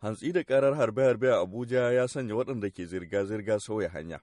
hantsi da karar harbe-harbe a Abuja ya sanya waɗanda ke zirga-zirga sauya hanya.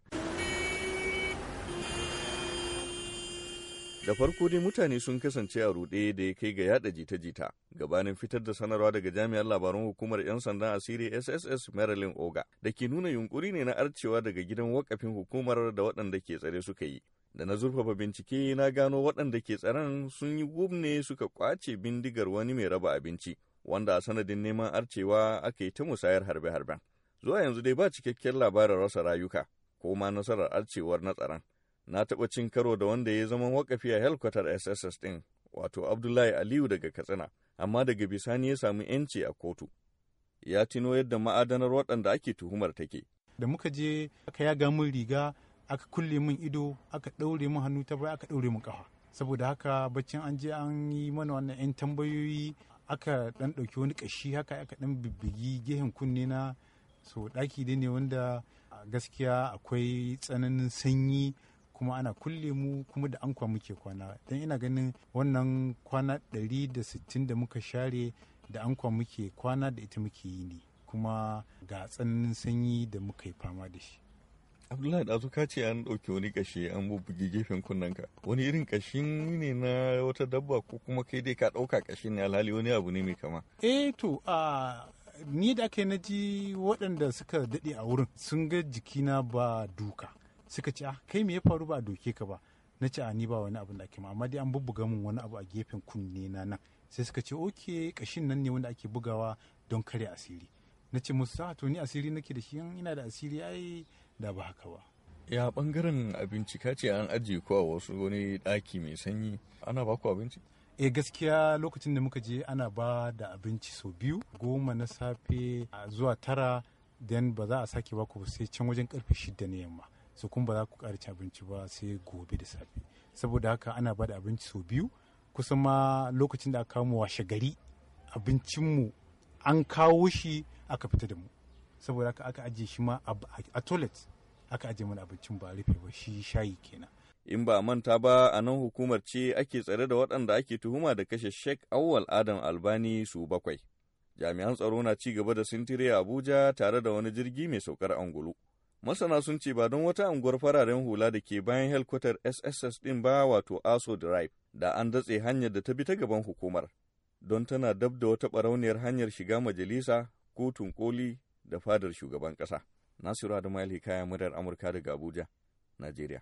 Da farko dai mutane sun kasance a ruɗe da ya kai ga yada jita-jita gabanin fitar da sanarwa daga jami'ar labaran hukumar 'yan sandan asiri SSS Marilyn Oga da ke nuna yunkuri ne na arcewa daga gidan wakafin hukumar da waɗanda ke tsare suka yi. da na zurfafa bincike na gano waɗanda ke tsaron sun yi gub ne suka kwace bindigar wani mai raba abinci wanda a sanadin neman arcewa aka ta musayar harbe-harben. Zuwa yanzu dai ba cikakken labarin rasa rayuka ko ma nasarar arcewar na tsaron. Na taɓa cin karo da wanda ya zama wakafi a helkwatar SSS ɗin, wato Abdullahi Aliyu daga Katsina, amma daga bisani ya samu 'yanci a kotu. Ya tino yadda ma'adanar waɗanda ake tuhumar take. Da muka je aka ya ga min riga, aka kulle min ido, aka ɗaure min hannu ta bai aka ɗaure min ƙafa. Saboda haka baccin an je an yi mana wannan 'yan tambayoyi aka dan ɗauki wani ƙashi haka aka dan bibbigi gehen kunne na so ɗaki dai ne wanda gaskiya akwai tsananin sanyi kuma ana kulle mu kuma da ankwa muke kwana dan ina ganin wannan kwana 160 da muka share da ankwa muke kwana da ita muke yi ne kuma ga tsananin sanyi da muka yi fama da shi Abdullahi ɗazu ka ce an ɗauki wani kashe an bubbuge gefen kunnenka. Wani irin ƙashin ne na wata dabba ko kuma kai dai ka ɗauka ƙashin ne alhali wani abu ne mai kama. Eh to a ni da aka yi na ji waɗanda suka daɗe a wurin sun ga jikina ba duka. Suka ce ah kai me ya faru ba doke ka ba. Na ce a ah, ni ba wani abu da ake amma dai an bubbuga mun wani abu a gefen kunne na nan. Sai suka ce oke kashin nan ne wanda ake bugawa don kare asiri. Na ce musu ah, to ni asiri nake da shi ina da asiri ai da ba haka ba ya bangaren abinci ka ce an ajiye ko a wasu wani ɗaki mai sanyi ana ba ku abinci eh gaskiya lokacin da muka je ana ba da abinci sau biyu goma na safe zuwa tara den ba za a sake ba ku sai can wajen karfe shida na yamma su kuma ba za ku ƙara abinci ba sai gobe da safe saboda haka ana ba da abinci sau biyu kusan ma lokacin da aka kawo mu washe gari abincinmu an kawo shi aka fita da mu saboda haka aka ajiye shi ma a toilet aka ajiye mana abincin ba rufe ba shi shayi kenan in ba a manta ba a nan hukumar ce ake tsare da waɗanda ake tuhuma da kashe Sheikh Awwal Adam Albani su bakwai. Jami'an tsaro na ci gaba da sintiri a Abuja tare da wani jirgi mai saukar angulu. Masana sun ce ba don wata unguwar fararen hula da ke bayan helkwatar SSS ɗin ba wato Aso Drive da an datse hanyar da ta bi ta gaban hukumar. Don tana dab da wata barauniyar hanyar shiga majalisa, kotun koli da fadar shugaban ƙasa. Nasiru Adamu Alhikaya muryar Amurka daga Abuja, Najeriya.